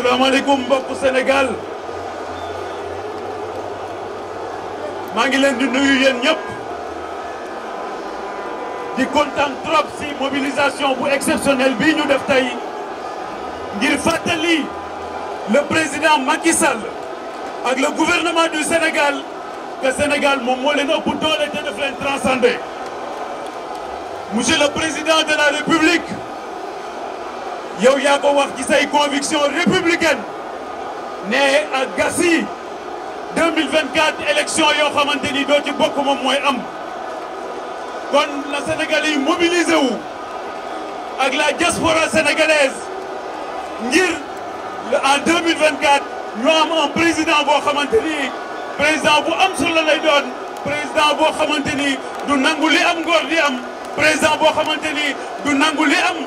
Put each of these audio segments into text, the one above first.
asalaamaaleykum mbokku Sénégal maa ngi leen di nuyu yeen ñep di content trop si mobilisation bu exceptionnelle bi ñu def tay ngir fatali le président Macky Sall ak le gouvernement du Sénégal que Sénégal moom mo leen ëpp doole te def leen transcender monsieur le président de la République yow yaa ko wax conviction républicaine ne à Gassi 2024 élection yoo xamante ni doo ci bokk moom am kon la Sénégalais yi mobilisé wu la diaspora sénégalaise ngir en 2024 ñu am un président boo xamante président bu am solo lay président boo xamante ni du nangu li am ngor am président boo xamante ni du nangu li am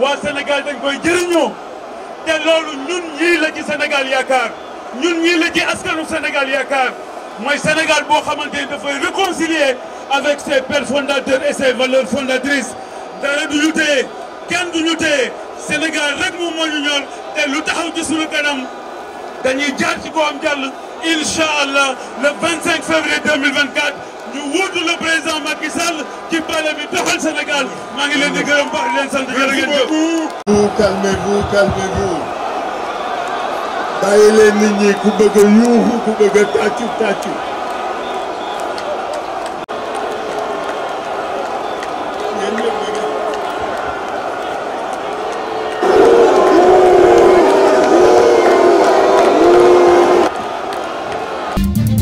wa senegal dañ koy jëriñu té loolu ñun ñi la ci Sénégal yaakar ñun ñi la ci askanu Sénégal yaakar moy Sénégal bo xamante ni dafay réconcilier avec ses pères fondateurs et ses valeurs fondatrices dara du ñu téye kenn du ñu téye Sénégal rek mo mo ñu ñor té lu taxaw ci suñu kanam dañuy jaar ci ko am jàll. Inch'Allah, le 25 février 2024, nous voulons le président Macky Sall qui palais tout le Sénégal Mangi ngi di gërëm baax leen vous calmez-vous calmez-vous. bàyyi leen nit ñi ku bëgg a ku bëgg Thank you.